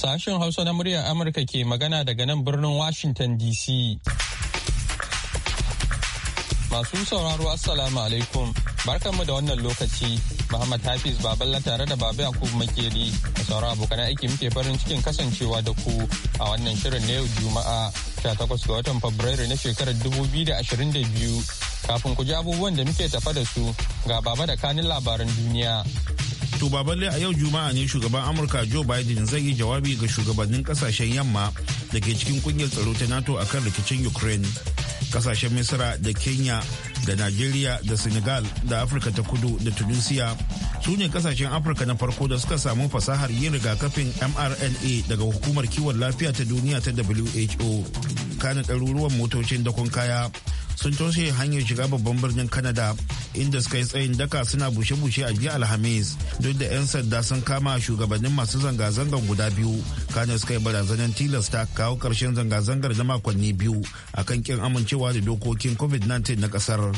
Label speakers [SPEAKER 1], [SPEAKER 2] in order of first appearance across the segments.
[SPEAKER 1] Sashen Hausa na muryar Amurka ke magana daga nan birnin Washington DC. Masu sauraro Assalamu alaikum. Barkanmu da wannan lokaci. Muhammad Hafiz Baballa tare da Baba Yakubu Makeri da sauran abokan aiki muke farin cikin kasancewa da ku a wannan shirin na yau Juma'a 18 ga watan Fabrairu na shekarar 2022. Kafin ku ji abubuwan da muke tafa da su ga Baba da kanin labaran
[SPEAKER 2] duniya. To balle a yau Juma'a ne shugaban Amurka Joe Biden zai yi jawabi ga shugabannin kasashen yamma da ke cikin kungiyar tsaro ta NATO a kan rikicin Ukraine. Kasashen Misira da Kenya da Najeriya da Senegal da Afirka ta kudu da Tunisia su ne kasashen Afirka na farko da suka samu fasahar yin rigakafin mRNA daga hukumar kiwon lafiya ta duniya ta WHO. Kana ɗaruruwan motocin dakon kaya sun toshe hanyar shiga babban birnin Canada inda suka yi tsayin daka suna bushe-bushe a jiya alhamis duk da 'yan sanda sun kama shugabannin masu zanga-zangar guda biyu kane suka yi barazanar tilasta kawo karshen zanga-zangar na makonni biyu a kan kin amincewa da dokokin covid-19 na kasar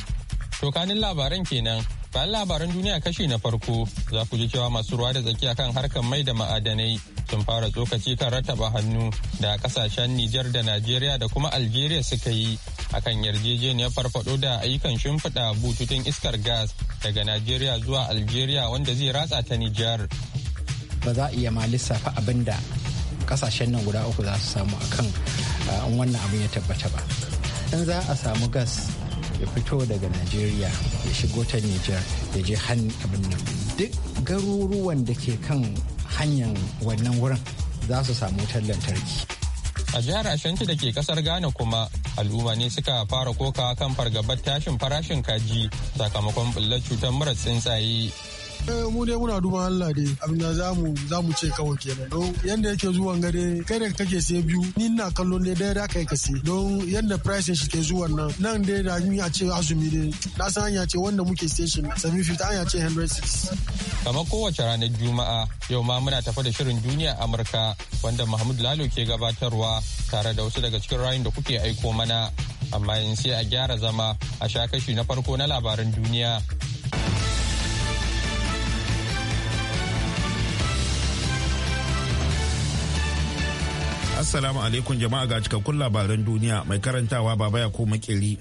[SPEAKER 1] Shokanin labaran kenan bayan labaran duniya kashi na farko za ku ji cewa masu ruwa da tsakiya kan harkar mai da ma'adanai sun fara tsokaci kan rattaba hannu da kasashen Nijar da Najeriya da kuma Algeria suka yi akan yarjejeniyar farfado da ayyukan shimfiɗa bututun iskar gas daga Najeriya zuwa Algeria wanda zai ratsa ta Nijar.
[SPEAKER 3] Ba za a iya ma lissafa abin da kasashen nan guda uku za su samu akan in wannan abin ya tabbata ba. In za a samu gas ya fito daga najeriya ya shigo ta nijar ya je hannu abin nan duk garuruwan da ke kan hanyar wannan wurin za su samu wutar lantarki
[SPEAKER 1] a jihar ashanti da ke kasar ghana kuma al'umma ne suka fara koka kan fargabar tashin farashin kaji sakamakon bullar cutar mura tsuntsaye
[SPEAKER 4] Eh, mu dai muna duba Allah dai abin da za mu za mu ce kawai kenan don yanda yake zuwan gare kai da kake sai biyu ni ina kallon ne dai da kai ka sai don yanda pricing ke zuwan nan nan dai da ni a ce azumi dai na san hanya ce wanda muke station 750 hanya ce 106
[SPEAKER 1] kamar kowace ranar juma'a yau ma muna tafa da shirin duniya amurka wanda mahmud lalo ke gabatarwa tare da wasu daga cikin rayun da kuke aiko mana amma yanzu sai a gyara zama a sha kashi na farko na labaran duniya
[SPEAKER 2] Assalamu alaikum jama'a ga cikakkun labaran duniya mai karantawa baba ya ko makeri.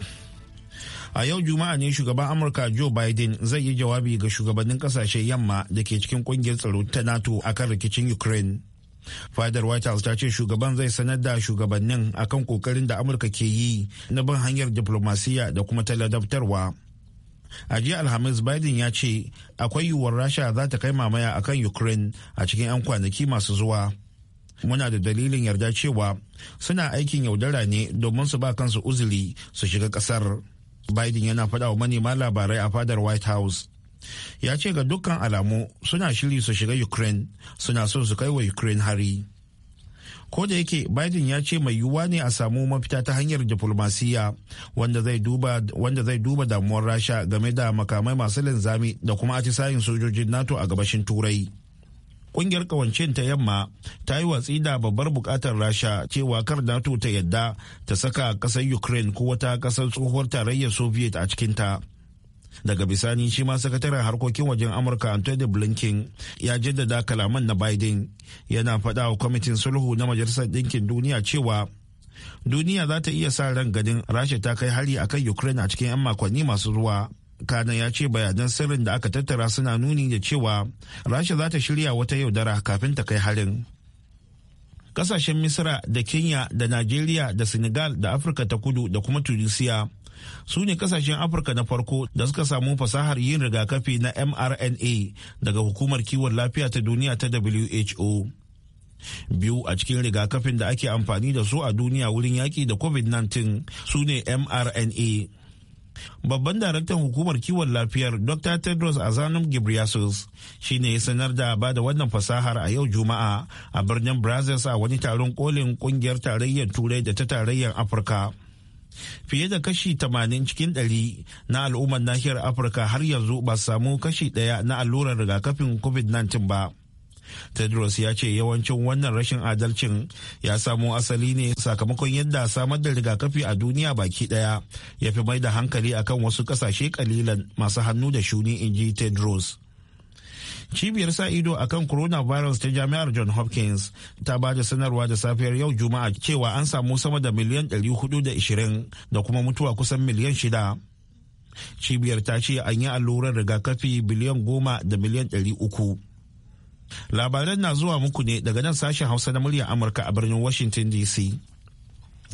[SPEAKER 2] A yau Juma'a ne shugaban Amurka Joe Biden zai yi jawabi ga shugabannin kasashen yamma da ke cikin kungiyar tsaro ta NATO akan rikicin Ukraine. Fadar White House ta ce shugaban zai sanar da shugabannin akan kokarin da Amurka ke yi na bin hanyar diplomasiya da kuma taladabtarwa. A jiya Alhamis Biden ya ce akwai yiwuwar Rasha za ta kai mamaya akan Ukraine a cikin 'yan kwanaki masu zuwa. muna da dalilin yarda cewa suna aikin yaudara ne domin su ba kansu uzuri su shiga kasar biden yana faɗa wa manema labarai a fadar white house ya ce ga dukkan alamu suna shiri su shiga ukraine suna so su kai wa ukraine hari ko da yake biden ya ce mai yiwuwa ne a samu mafita ta hanyar diflomasiyya wanda zai duba damuwar rasha game da makamai masu linzami da kuma atisayin sojojin nato a gabashin turai kungiyar kawancin ta yamma ta yi watsi da babbar bukatar rasha cewa kar nato ta yadda ta saka kasar ukraine ko wata kasar tsohuwar tarayyar soviet a cikinta daga bisani shi ma sakataren harkokin wajen amurka Antony blinken ya jaddada kalaman na biden yana faɗa wa kwamitin sulhu na majalisar ɗinkin duniya cewa duniya za ta iya sa ran ganin rasha ta kai hari akan ukraine a cikin 'yan makonni masu zuwa. kana ya ce bayanan sirrin da aka tattara suna nuni da cewa rasha za ta shirya wata yaudara kafin ta kai harin kasashen Misira da kenya da najeriya da senegal da afirka ta kudu da kuma tunisia su ne kasashen afirka na farko da suka samu fasahar yin rigakafi na mrna daga hukumar kiwon lafiya ta duniya ta who biyu a cikin rigakafin da ake amfani da su a duniya wurin yaƙi da covid-19 su ne mrna babban daraktan hukumar kiwon lafiyar dr tedros azanum Ghebreyesus shi ne ya sanar da ba da wannan fasahar a yau juma'a a birnin Brazil a wani taron kolin kungiyar tarayyar turai da ta tarayyar afirka fiye da kashi tamanin cikin 100 na al'ummar nahiyar afirka har yanzu ba samu kashi daya na allurar rigakafin covid-19 ba tedros ya ce yawancin wannan rashin adalcin ya samo asali ne sakamakon yadda samar da rigakafi a duniya baki daya ya fi mai da hankali akan wasu kasashe kalilan masu hannu da shuni in ji tedros cibiyar sa ido akan coronavirus ta jami'ar john hopkins ta ba da sanarwa da safiyar yau juma'a cewa an samu sama da miliyan 420 da kuma mutuwa kusan miliyan shida. cibiyar ta ce an yi allurar rigakafi biliyan goma da miliyan 300 Labaran na zuwa muku ne daga nan sashen Hausa na murya Amurka a birnin Washington DC.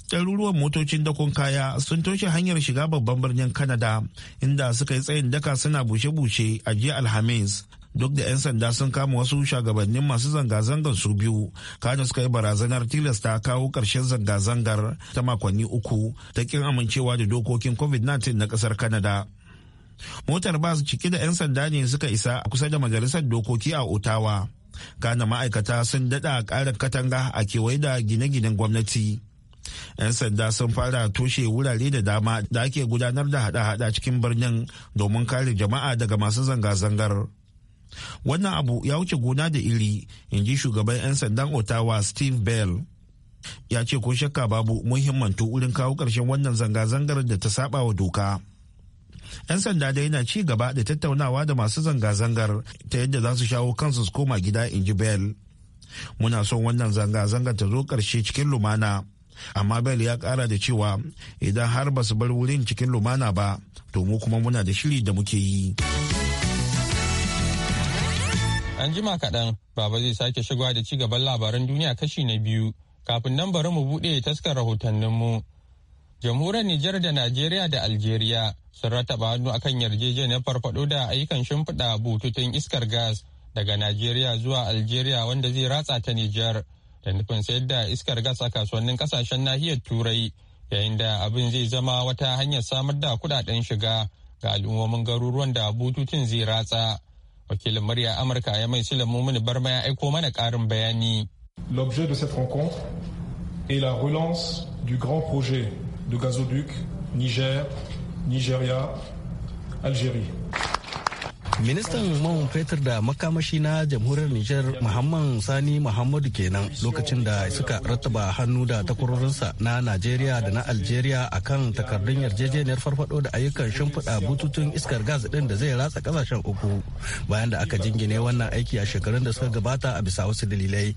[SPEAKER 2] Ɗaruruwan motocin dakon kaya sun toshe hanyar shiga babban birnin Kanada, inda suka yi tsayin daka suna bushe-bushe a jiya Alhamis. Duk da 'yan sanda sun kama wasu shugabannin masu zanga-zangar su biyu, kada suka yi barazanar tilasta kawo ƙarshen zanga-zangar ta makonni uku ta kin amincewa da dokokin COVID-19 na ƙasar Kanada. motar bas cike da 'yan sanda ne suka isa a kusa da majalisar dokoki a otawa kana ma'aikata sun daɗa kara katanga a kewaye da gine-ginen gwamnati 'yan sanda sun fara toshe wurare da dama da ake gudanar da hada-hada cikin birnin domin kare jama'a daga masu zanga-zangar wannan abu ya wuce gona da iri in ji shugaban 'yan sandan Otawa, steve bell ya ce ko shakka babu muhimmantu wurin kawo ƙarshen wannan zanga-zangar da ta saba wa doka 'yan sanda dai na ci gaba da tattaunawa da masu zanga-zangar ta yadda za su shawo kansu su koma gida in ji bell muna son wannan zanga-zangar ta zo ƙarshe cikin lumana amma bell ya ƙara da cewa idan har ba su bar wurin cikin lumana ba to mu kuma muna da shiri da muke yi
[SPEAKER 1] an jima kaɗan baba zai sake shigowa da ci gaban labaran duniya kashi na biyu kafin nan bari mu buɗe taskar rahotanninmu mu jamhuriyar Nijar da Najeriya da Algeria sun rataba hannu akan yarjejeniyar farfado da ayyukan shimfiɗa bututun iskar gas daga Najeriya zuwa Algeria wanda zai ratsa ta Nijar da nufin sayar da iskar gas a kasuwannin kasashen nahiyar Turai yayin da abin zai zama wata hanyar samar da kuɗaɗen shiga ga al'ummomin garuruwan da bututun zai ratsa. Wakilin murya Amurka ya mai Sulan Mumuni Barma ya aiko mana ƙarin bayani. L'objet de cette
[SPEAKER 5] rencontre est la relance du grand projet de Gazoduc, Niger,
[SPEAKER 2] Nigeria, Algérie.
[SPEAKER 6] Ministan man fetur da makamashi na jamhuriyar Nijar Muhammad Sani Muhammadu kenan lokacin da suka rattaba hannu da takwarorinsa na Najeriya da na Algeria kan takardun yarjejeniyar farfado da ayyukan shimfiɗa bututun iskar gas ɗin da zai ratsa ƙasashen uku bayan da aka jingine wannan aiki a shekarun da suka gabata a bisa wasu dalilai.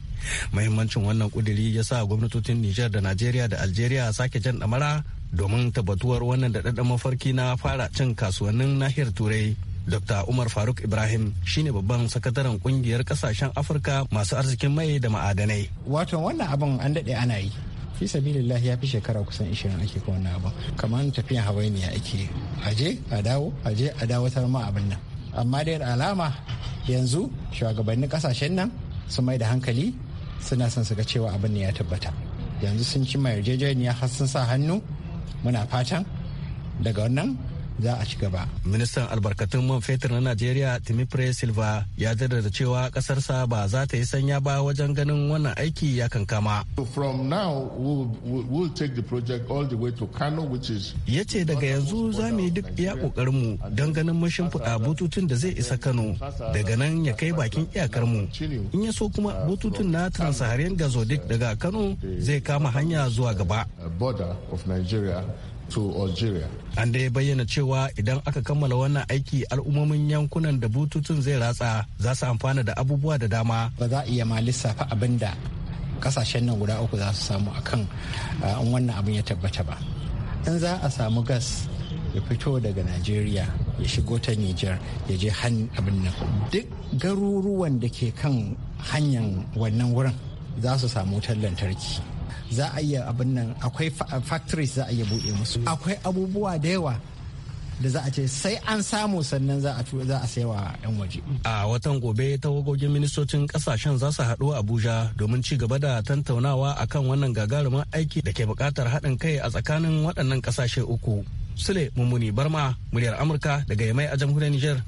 [SPEAKER 6] mahimmancin wannan kuduri ya sa gwamnatocin Nijar da Najeriya da Algeria sake jan ɗamara domin tabbatuwar wannan da mafarki na fara cin kasuwannin nahiyar Turai. Dr. Umar Faruk Ibrahim shine babban sakataren kungiyar kasashen Afirka masu arzikin mai da ma'adanai.
[SPEAKER 3] Wato wannan abin an daɗe ana yi. fi sabilillah ya fi shekara kusan 20 ake ko wannan abin kamar tafiyan hawainiya ake aje a dawo aje a dawo ma abin nan amma dai alama yanzu shugabannin kasashen nan su mai da hankali suna son su ga cewa abin ne ya tabbata yanzu sun ci mai yarjejeniya har sun sa hannu muna fatan daga wannan za a ci gaba.
[SPEAKER 6] Ministan albarkatun man fetur na Najeriya Timipre Silva ya jaddada cewa kasarsa ba za ta yi sanya ba wajen ganin wannan aiki ya kankama.
[SPEAKER 7] From now we'll, the project all way to Kano which is Ya ce daga yanzu
[SPEAKER 6] za mu yi duk iya don ganin mun shimfiɗa bututun da zai isa Kano daga nan ya kai bakin iyakarmu In ya so kuma bututun na Transaharian Gazodik daga Kano zai kama hanya zuwa gaba. Border of Nigeria to Algeria. an ya bayyana cewa idan aka kammala wannan aiki al'ummomin yankunan da bututun zai ratsa za su amfana da abubuwa da dama ba za a iya ma lissafa abin da kasashen
[SPEAKER 3] nan guda uku za su samu akan in wannan abin ya tabbata ba in za a samu gas ya fito daga najeriya ya shigo ta niger ya je abin nan duk garuruwan da ke kan hanyar wannan wurin za su samu wutar lantarki za a iya abin nan akwai factories za a iya buɗe musu akwai abubuwa da yawa da za a ce sai an samu sannan za a za a saiwa yan waje
[SPEAKER 6] a watan gobe ta tawagogin ministocin kasashen za su haɗu abuja domin ci gaba da tantaunawa akan wannan gagarumin aiki da ke buƙatar haɗin kai a tsakanin waɗannan ƙasashe uku sule mummuni barma muryar amurka daga yamai a jamhuriyar niger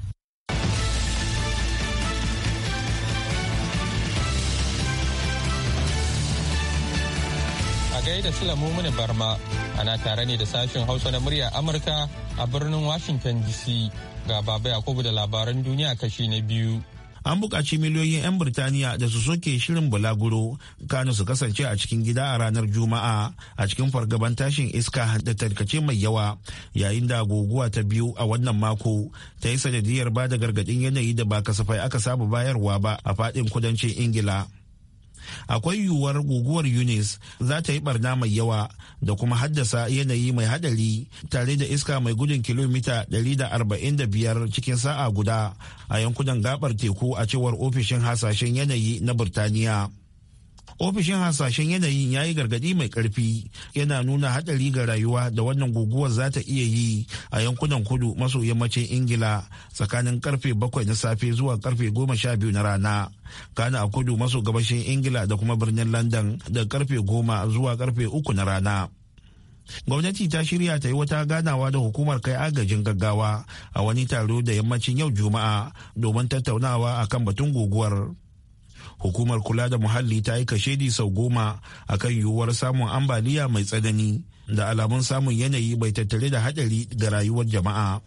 [SPEAKER 1] da Sulamu Muni Barma ana tare ne da sashen Hausa na murya Amurka a birnin Washington DC ga Baba Yakubu da labaran duniya kashi na biyu.
[SPEAKER 2] An buƙaci miliyoyin 'yan Birtaniya da su soke shirin bulaguro kano su kasance a cikin gida a ranar Juma'a a cikin fargaban tashin iska da tarkace mai yawa yayin da guguwa ta biyu a wannan mako ta yi sanadiyar ba da gargaɗin yanayi da ba kasafai aka saba bayarwa ba a faɗin kudancin Ingila. akwai yiwuwar guguwar yunis za ta yi barna mai yawa da kuma haddasa yanayi mai hadari tare da iska mai gudun kilomita 145 cikin sa'a guda a yankunan gabar teku a cewar ofishin hasashen yanayi na burtaniya ofishin hasashen yanayin ya yi gargadi mai karfi yana nuna hadari ga rayuwa da wannan guguwar za ta iya yi a yankunan kudu maso yammacin ingila tsakanin karfe bakwai na safe zuwa karfe goma sha biyu na rana kana a kudu maso gabashin ingila da kuma birnin london da karfe goma zuwa karfe uku na rana gwamnati ta shirya ta yi wata ganawa da hukumar kai agajin gaggawa a wani taro da yammacin yau juma'a domin tattaunawa akan batun guguwar hukumar kula da muhalli ta yi kashedi sau goma a kan yiwuwar samun ambaliya mai tsanani da alamun samun yanayi bai tattare da hadari ga rayuwar jama'a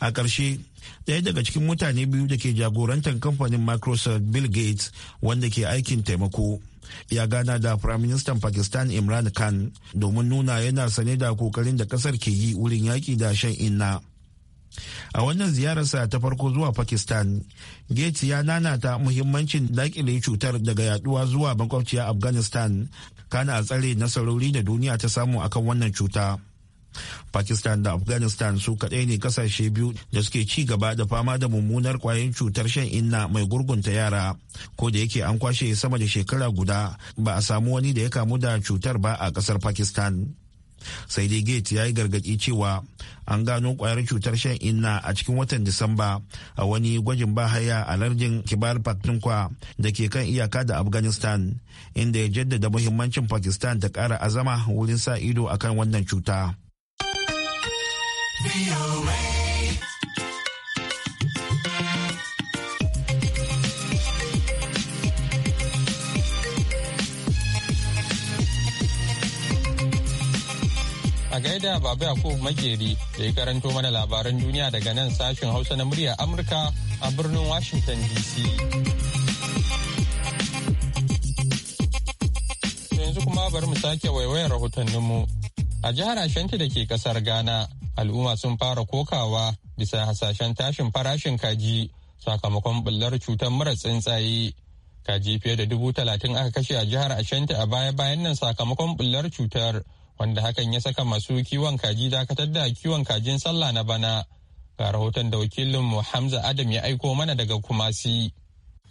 [SPEAKER 2] a ƙarshe ɗaya daga cikin mutane biyu da ke jagorantar kamfanin microsoft bill gates wanda ke aikin taimako ya gana da firaministan pakistan imran khan domin nuna yana sane da kokarin da ƙasar ke yi wurin yaƙi da shan inna a wannan ziyararsa ta farko zuwa pakistan gates ya nanata muhimmancin dakile cutar daga yaduwa zuwa makwabciya afghanistan kana a tsare nasarori da duniya ta samu akan wannan cuta pakistan da afghanistan su kaɗai ne kasashe biyu da suke ci gaba da fama da mummunar kwayoyin cutar shan inna mai gurgunta yara ko da yake an kwashe sama da shekara guda ba a samu wani da ya kamu da cutar ba a ƙasar pakistan sai dai gate ya yi gargaɗi cewa an gano kwayar cutar shan inna a cikin watan disamba a wani gwajin bahaya a lardin kibar patinkwa da ke kan iyaka da afghanistan inda ya jaddada muhimmancin pakistan ta ƙara azama wurin sa ido akan wannan cuta.
[SPEAKER 1] A gaida Baba Yakubu Makeri da ya karanto mana labaran duniya daga nan sashen Hausa na muryar Amurka a birnin Washington DC. Yanzu kuma bari mu sake waiwayar rahotanninmu. A jihar Ashanti da ke kasar Ghana, al'umma sun fara kokawa bisa hasashen tashin farashin kaji sakamakon bullar cutar mura tsuntsaye. Kaji fiye da dubu talatin aka kashe a jihar Ashanti a baya-bayan nan sakamakon bullar cutar. wanda hakan ya saka masu kiwon kaji dakatar da kiwon kajin sallah na bana ga rahoton da wakilinmu hamza adam ya aiko mana daga kumasi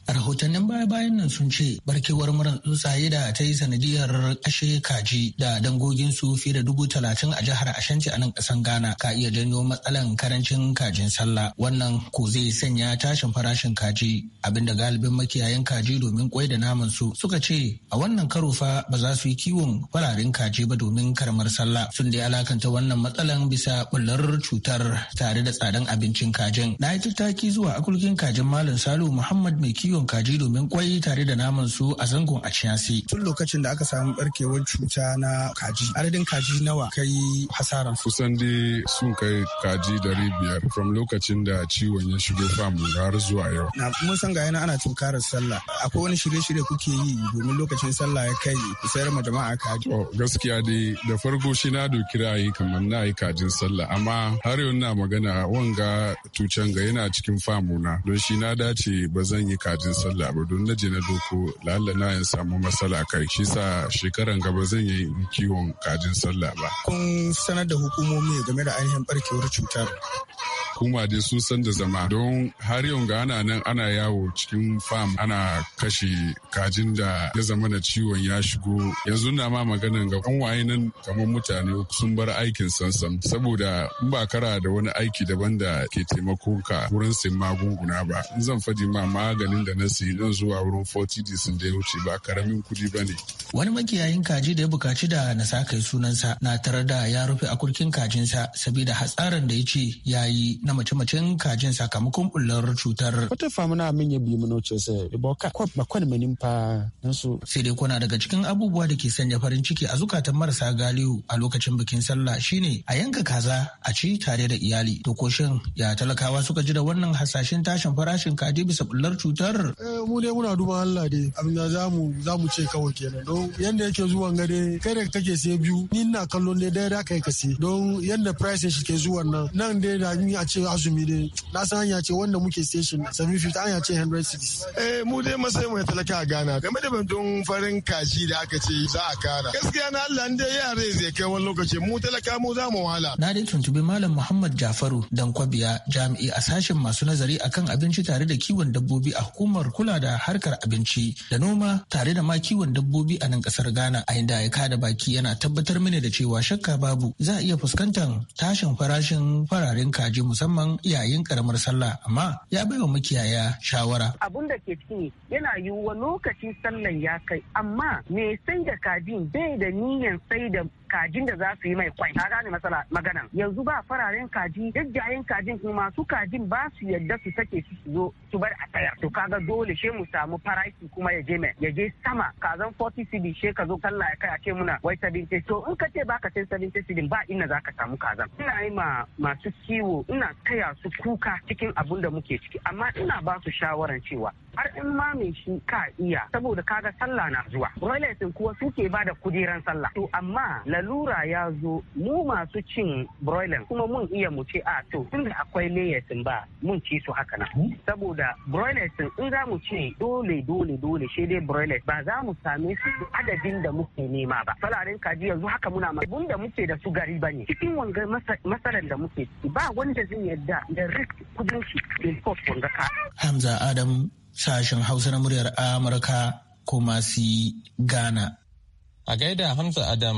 [SPEAKER 4] a rahotannin baya-bayan nan sun ce barkewar murar tsuntsaye da ta yi sanadiyar kashe kaji da dangogin su fiye da dubu talatin a jihar ashanti a nan kasan ghana ka iya janyo matsalan karancin kajin sallah wannan ko zai sanya tashin farashin kaji abinda galibin makiyayan kaji domin kwai da naman su suka ce a wannan karo fa ba za su yi kiwon fararen kaji ba domin karamar sallah sun dai alakanta wannan matsalan bisa bullar cutar tare da tsadan abincin kajin na yi tattaki zuwa akulkin kajin malam salu muhammad mai kiwo kiwon kaji domin kwai tare da naman su a zangon a ciyasi. Tun lokacin da aka samu barkewar cuta na kaji, adadin kaji nawa kai
[SPEAKER 7] hasara. Kusan dai sun kai kaji dari biyar from lokacin da ciwon ya shigo famu har zuwa yau.
[SPEAKER 4] Na mun san ga yana ana tunkarar sallah. Akwai wani shirye-shirye kuke yi domin lokacin sallah ya kai ku sayar
[SPEAKER 7] ma jama'a kaji. Oh, gaskiya dai da farko shi na doki ra'ayi kamar na yi kajin sallah amma har yau na magana wanga tucen ga yana cikin famu na don shi na dace ba zan yi kajin lokacin sallah ba don naje na doko lalla na yin samu matsala kai shi sa shekaran gaba zan yi kiwon kajin sallah ba.
[SPEAKER 4] Kun sanar da hukumomi game da ainihin barkewar cutar.
[SPEAKER 7] kumade dai sun san da zama don har yau ga ana nan ana yawo cikin fam ana kashe kajin da ya zama na ciwon ya shigo yanzu na ma maganan ga an waye nan kamar mutane sun bar aikin sansan saboda in ba kara da wani aiki daban da ke taimako ka wurin sin magunguna ba in zan faɗi ma maganin da na silin zuwa wurin 40 sun da ya wuce ba karamin kudi ba ne. Wani
[SPEAKER 4] makiyayin kaji da ya bukaci da na sa sunansa na tarar da ya rufe a kurkin kajinsa saboda hatsarin da ya ce ya yi na mace-macen kajin sakamakon bullar cutar. Wata famuna min ya bi mun ce sai ka kwab ba kwan menin fa nan Sai dai kuna daga cikin abubuwa da ke sanya farin ciki a zukatan marasa galihu a lokacin bikin sallah shine a yanka kaza a ci tare da iyali. To ya talakawa suka ji da wannan hasashen tashin farashin kaji bisa bullar cutar? kasar eh, mu ne muna duba Allah dai abin da za mu za mu ce kawai kenan don yanda yake zuwa gare kai da kake sai biyu ni ina kallon dai dai da kai ka don yanda price shi ke zuwa nan nan dai da ni a ce azumi dai na san hanya ce wanda muke station 750 an ya ce 100 eh mu dai masai mu talaka a Ghana game da bandun farin kashi da aka ce za a kara gaskiya na Allah dai yare zai kai wani lokaci mu talaka mu za mu wahala na dai tuntubi malam Muhammad Jafaru dan kwabiya jami'i a sashen masu nazari akan abinci tare da kiwon dabbobi a hukumar hukumar kula da harkar abinci da noma tare da ma kiwon dabbobi a nan kasar Ghana a inda ya kada baki yana tabbatar mini da cewa shakka babu za a iya fuskantar tashin farashin fararen kaji musamman yayin karamar sallah amma ya bai wa makiyaya shawara.
[SPEAKER 6] Abun da ke ciki yana yiwuwa lokacin sallan ya kai amma me sai da kajin bai da niyan sai da kajin da za su yi mai kwai ka gane matsala maganan yanzu ba fararen kaji jajjayen kajin kuma su kajin ba su yadda su sake su zo su bar a tsayar. to kaga dole she mu samu faraki kuma ya je mai ya je sama kazan 40 cd she ka zo sallah ya kai a ce muna wai 70 to in ka ce baka sai 70 cd ba ina za ka samu kazan ina yi ma masu kiwo ina taya su kuka cikin abun da muke ciki amma ina ba su shawaran cewa har in ma mai shi ka iya saboda kaga sallah na zuwa royalties kuwa suke ba da kujeran sallah to amma lalura ya zo mu masu cin broiler kuma mun iya mu ce a to tun da akwai layasin ba mun ci su haka nan hmm? saboda broiler in za mu ce dole dole dole shi dai broiler ba za mu same su adadin da muke nema ba fararen kaji yanzu haka muna ma da muke da su gari bane cikin wanga masarar da muke ba wanda zai yadda da risk kudin shi import wanga ka
[SPEAKER 4] Hamza Adam sashen Hausa na muryar Amurka kuma si gana.
[SPEAKER 1] a gaida Hamza Adam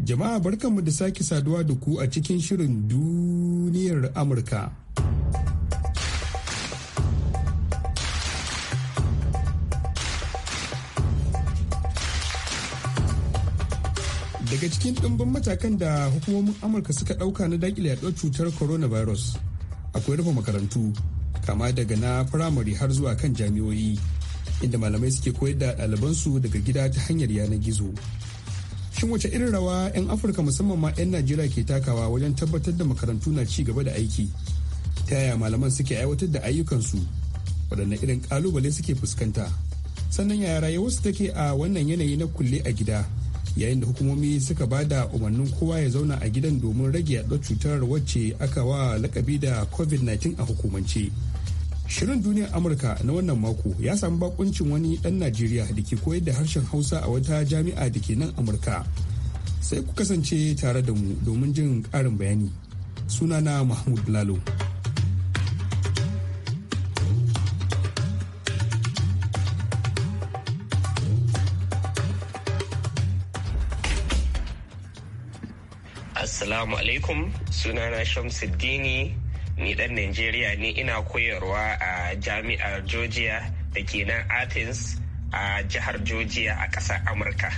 [SPEAKER 5] Jama'a barkanmu da sake saduwa da ku a cikin shirin duniyar Amurka. Daga cikin ɗimbin matakan da hukumomin Amurka suka ɗauka na daƙile yaɗuwar cutar coronavirus akwai rufe makarantu kama daga na firamare har zuwa kan jami'o'i inda malamai suke koyar da ɗalibansu daga gida ta hanyar yanar gizo. cikin wace irin rawa 'yan afirka musamman ma 'yan najeriya ke takawa wajen tabbatar da makarantu na ci gaba da aiki ta yaya malaman suke aiwatar da ayyukansu waɗanne irin kalubale suke fuskanta sannan yaya wasu take a wannan yanayi na kulle a gida yayin da hukumomi suka ba da umarnin kowa ya zauna a gidan domin rage yaɗuwar cutar wacce aka wa lakabi da covid-19 a hukumance. Shirin duniyar Amurka na wannan mako ya samu bakuncin wani ɗan Najeriya da ke koyar da harshen Hausa a wata jami'a da ke nan Amurka. Sai ku kasance tare da mu domin jin ƙarin bayani. Sunana Mahmud Lalo.
[SPEAKER 8] Assalamu alaikum sunana Shamsuddini ni dan Najeriya ne ina koyarwa a jami'ar Georgia da ke nan Athens a jihar Georgia a ƙasar Amurka.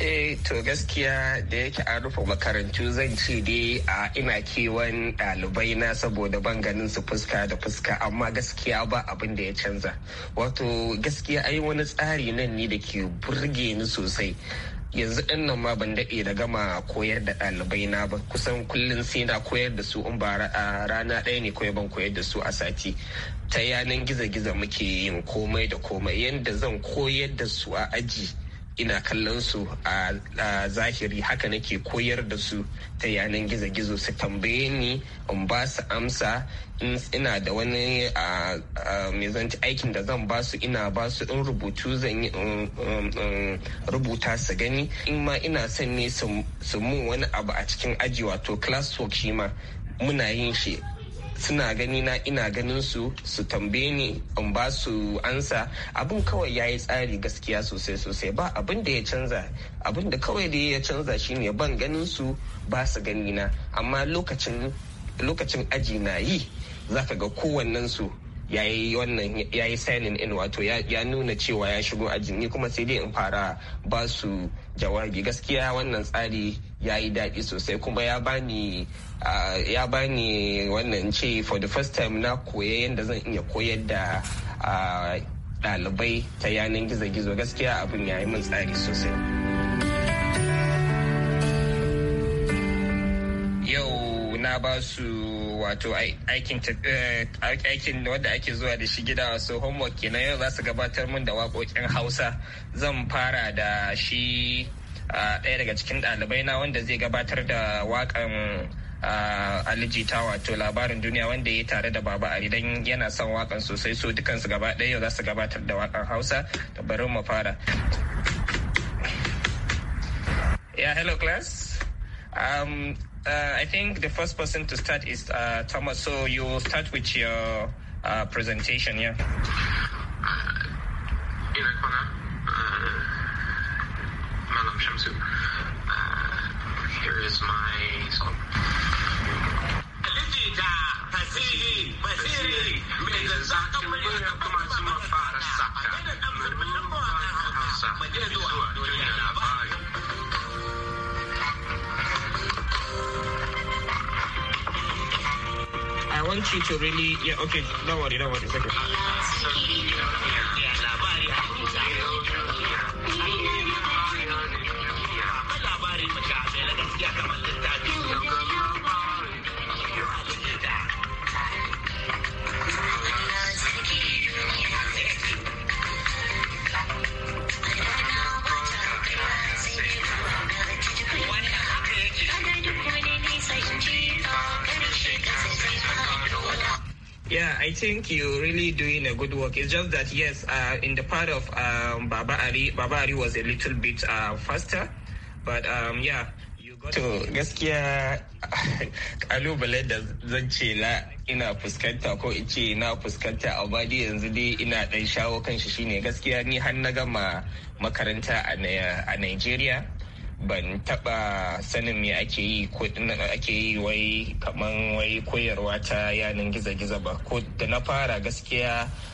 [SPEAKER 8] Eh to gaskiya da yake an rufe makarantu zan ce dai a ina kewan ɗalibai na saboda ban ganin su fuska da fuska amma gaskiya ba abin da ya canza. Wato gaskiya ai wani tsari nan ne da ke burge ni sosai. yanzu ɗin nan ma ban daɗe da gama koyar da ɗalibai na ba kusan kullum sai na koyar da su in ba rana ɗaya ne kawai ban koyar da su a sati ta yanan gizo-gizo muke yin komai da komai yadda zan koyar da su a aji ina kallon su a zahiri haka nake koyar da su ta yanan gizo-gizo su tambaye ni in ba su amsa ina da wani mai zanci aikin da zan ba su ina ba su in rubutu zan yi rubuta su gani in ma ina son ne su mun wani abu a cikin aji wato work shi ma muna yin shi suna gani na ina ganin su su tambaye ni in ba su ansa abin kawai ya yi tsari gaskiya sosai sosai ba abin da ya canza abin da kawai da ya canza shine ban ganin su ba su gani na amma lokacin aji na yi zaka ga kowannen su ya yi wannan ya yi signing in wato ya nuna cewa ya shigo ajin ni kuma sai dai in fara ba su jawabi gaskiya wannan tsari ya yi daɗi sosai kuma ya bani ya bani wannan ce for the first time na koya yadda zan iya koyar da ɗalibai ta yanar gizo-gizo gaskiya abin ya yi min tsari sosai yau na ba su wato eh, aikin wanda ake zuwa da shi gida wasu homework kenan yau za su gabatar mun da waƙoƙin hausa zan fara da shi ɗaya daga cikin ɗalibai na wanda zai gabatar da waƙan alijita wato labarin duniya wanda ya tare da baba ali dan yana son waƙan sosai so dukansu gaba ɗaya za su gabatar da waƙan hausa da bari mu fara yeah hello class um, uh, i think the first person to start is uh, thomas so you start with your uh, presentation yeah I'm Shamsu. Uh, here is my song. I want you to really, yeah, okay, don't worry, don't worry, it's okay. Yeah, I think you're really doing a good work. It's just that, yes, uh, in the part of um, Baba Ali, Baba Ali was a little bit uh, faster. But um, yeah, To gaskiya kalubale da zan ce na ina fuskanta ko in ce na fuskanta a badi yanzu dai ina dan shawo kan shi shine gaskiya ni har na gama makaranta a Nigeria ban taba sanin me ake yi ko ake yi wai kaman wai koyarwa ta yanan gizo-gizo ba ko da na fara gaskiya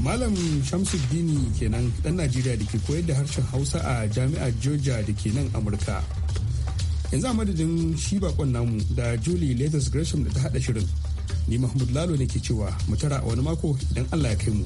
[SPEAKER 5] Malam Shamsuddini kenan ɗan Najeriya da ke koyar da harshen Hausa a jami'ar Georgia da ke nan Amurka. Yanzu a madadin shi bakon namu da Julie Latest Gresham da ta haɗa shirin. Ni Mahmud Lalo ne ke cewa mu tara a wani mako idan Allah ya kai mu.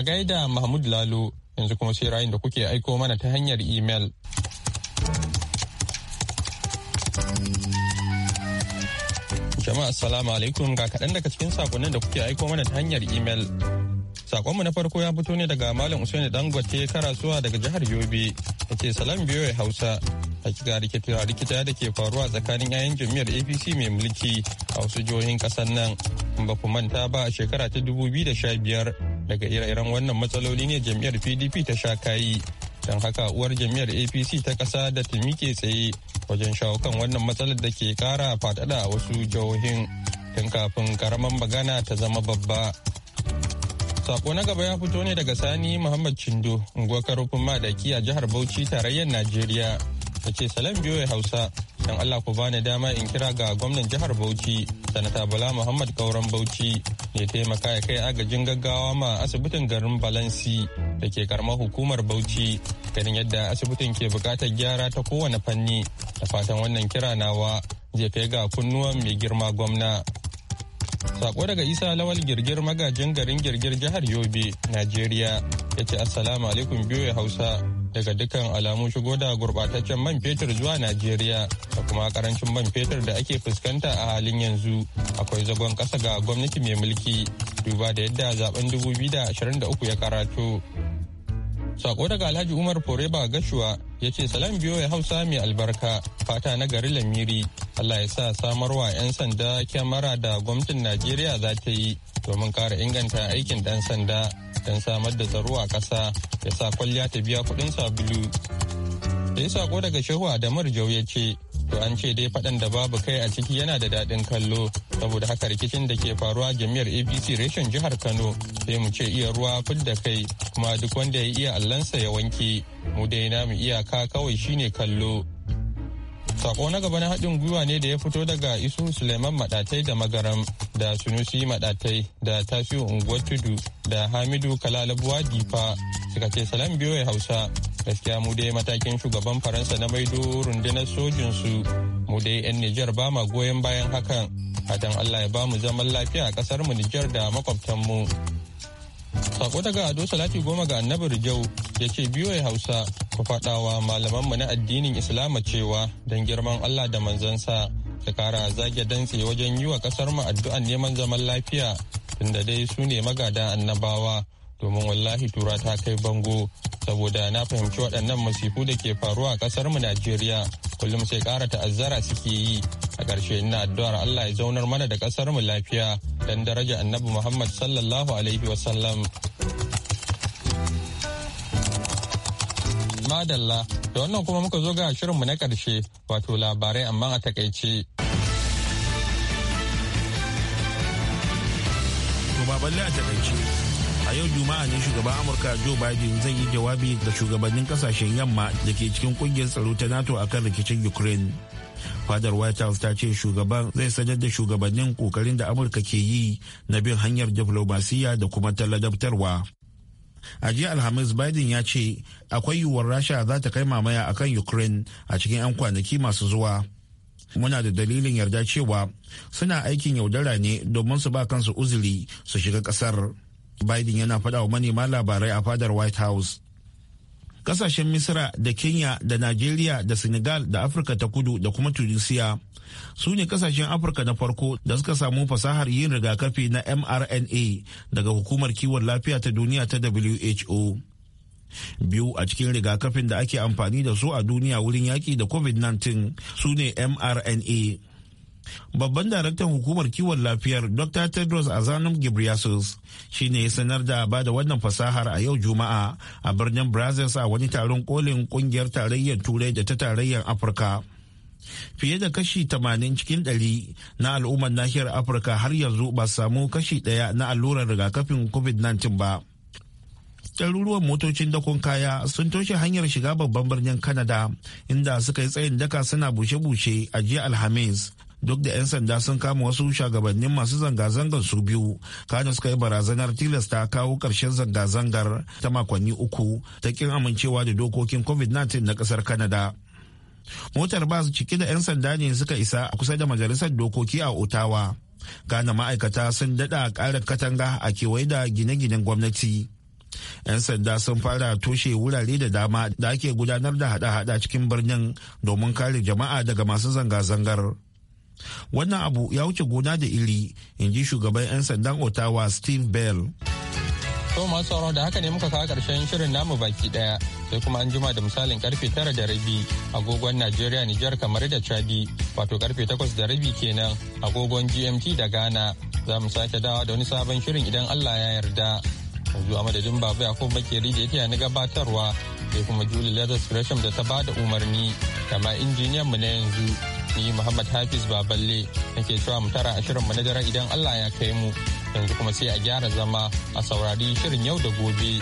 [SPEAKER 1] A gaida Mahmud Lalo yanzu kuma sai ra'ayin da kuke aiko mana ta hanyar imel. Jama'a assalamu alaikum ga kaɗan daga cikin sakonnin da kuke aiko mana ta hanyar imel. Sakonmu na farko ya fito ne daga Malam Usaini Dangote karasuwa daga jihar Yobe. ke salam biyo Hausa. hakika rikita rikita da ke faruwa tsakanin 'ya'yan jami'ar apc mai mulki a wasu jihohin ƙasar nan ba ku manta ba a shekara ta dubu biyu da sha biyar. daga ire-iren wannan matsaloli ne jam'iyyar pdp ta sha kayi don haka uwar jam'iyyar apc ta ƙasa da ta mike tsaye wajen shawo kan wannan matsalar da ke ƙara faɗaɗa a wasu jihohin tun kafin karamar magana ta zama babba sako na gaba ya fito ne daga sani muhammad chindo unguwar karofin madaki a jihar bauchi tarayyar najeriya ta ce salam biyo hausa don Allah ku bani dama in kira ga gwamnan jihar Bauchi sanata Bala Muhammad Kauran Bauchi ne taimaka ya kai agajin gaggawa ma asibitin garin Balansi da ke karamar hukumar Bauchi ganin yadda asibitin ke bukatar gyara ta kowane fanni da fatan wannan kira nawa zai kai ga kunnuwan mai girma gwamna. Sako daga Isa Lawal Girgir magajin garin Girgir jihar Yobe, Najeriya, ya ce Assalamu alaikum biyu Hausa. daga dukkan alamu shigo da gurbataccen man fetur zuwa najeriya da kuma karancin man fetur da ake fuskanta a halin yanzu akwai zagon kasa ga gwamnati mai mulki duba da yadda zaben 2023 ya karato Sako daga Alhaji Umar Foreba Gashuwa ya ce salam biyo ya hausa mai albarka fata na gari lamiri Allah ya sa samarwa 'yan sanda kyamara da gwamnatin Najeriya za ta yi domin kara inganta aikin ɗan sanda don samar da tsaro a ƙasa ya sa kwalliya ta biya kuɗin sabulu. Sai sako daga Shehu Adamar Jau ya ce to an ce dai faɗan da babu kai a ciki yana da daɗin kallo saboda haka rikicin da ke faruwa jami'ar abc reshen jihar kano sai mu ce iya ruwa da kai kuma duk wanda ya iya allansa ya wanke mu dai mu iyaka kawai shine kallo Sako na gaba na haɗin gwiwa ne da ya fito daga Isu Suleiman Maɗatai da Magaram da Sunusi Maɗatai da Tasiu Unguwar Tudu da Hamidu Kalalabuwa Difa suka ce salam biyo Hausa gaskiya mu dai matakin shugaban faransa na maido rundunar sojinsu mu dai 'yan nijar ba ma goyon bayan hakan hatan allah ya ba mu zaman lafiya a kasar mu nijar da makwabtan mu. sako daga ado salati goma ga annabi rijau ya ce ya hausa ku faɗawa mu na addinin islama cewa don girman allah da manzansa su kara zage dantse wajen yi wa kasar mu addu'an neman zaman lafiya tunda dai su ne magada annabawa domin wallahi tura ta kai bango saboda na fahimci waɗannan masifu da ke faruwa a ƙasar mu Najeriya kullum sai ƙara ta'azzara suke yi a ƙarshe ina addu'ar Allah ya zaunar mana da ƙasar mu lafiya dan daraja Annabi Muhammad sallallahu alaihi sallam madalla da wannan kuma muka zo ga mu na ƙarshe wato labarai amma a takaice.
[SPEAKER 2] balle a takaice a yau juma'a ne shugaban amurka joe biden zai yi jawabi ga shugabannin kasashen yamma da ke cikin kungiyar tsaro ta nato akan rikicin ukraine fadar white house ta ce shugaban zai sanar da shugabannin kokarin da amurka ke yi na bin hanyar diflomasiyya da kuma talladabtarwa a jiya alhamis biden ya ce akwai yiwuwar rasha za ta kai mamaya akan ukraine a cikin 'yan kwanaki masu zuwa muna da dalilin yarda cewa suna aikin yaudara ne domin su ba kansu uzuri su shiga kasar Biden yana faɗa wa manema labarai a fadar White House. Kasashen Misra da Kenya da Najeriya da Senegal da Afirka ta kudu da kuma Tunisia su ne kasashen Afirka na farko da suka samu fasahar yin rigakafi na mRNA daga hukumar kiwon lafiya ta duniya ta WHO. Biyu a cikin rigakafin da ake amfani da su a duniya wurin yaƙi da COVID-19 su ne mRNA. babban daraktan hukumar kiwon lafiyar dr tedros azanum gibriasus shi ne sanar da ba da wannan fasahar a yau juma'a a birnin brazil a wani taron kolin kungiyar tarayyar turai da ta tarayyar afirka fiye da kashi 80 cikin 100 na al'ummar nahiyar afirka har yanzu ba samu kashi daya na allurar rigakafin covid-19 ba ɗaruruwan motocin dakon kaya sun toshe hanyar shiga babban birnin Kanada inda suka yi tsayin daka suna bushe-bushe a jiya Alhamis duk da 'yan sanda sun kama wasu shagabannin masu zanga-zangar su biyu kana suka yi barazanar tilasta kawo karshen zanga-zangar ta makonni uku ta kin amincewa da dokokin covid-19 na ƙasar canada motar bas cike da 'yan sanda ne suka isa a kusa da majalisar dokoki a otawa Gane ma'aikata sun daɗa ƙara katanga a kewaye da gine-ginen gwamnati 'yan sanda sun fara toshe wurare da dama da ake gudanar da hada-hada cikin birnin domin kare jama'a daga masu zanga-zangar wannan abu ya wuce gona da iri in ji shugaban 'yan sandan ottawa steve bell
[SPEAKER 1] to masu sauraro da haka ne muka kawo karshen shirin namu baki daya sai kuma an jima da misalin karfe tara da rabi agogon najeriya nijar kamar da chadi wato karfe takwas da rabi kenan agogon gmt da ghana za mu sake dawa da wani sabon shirin idan allah ya yarda yanzu a madadin babu ya kuma bakeri da yake na gabatarwa sai kuma julie leathers gresham da ta bada umarni kama injiniyan mu na yanzu ni Muhammad Hafiz Baballe nake cewa mu tara shirin mu na daren idan Allah ya kai mu yanzu kuma sai a gyara zama a saurari shirin yau da gobe.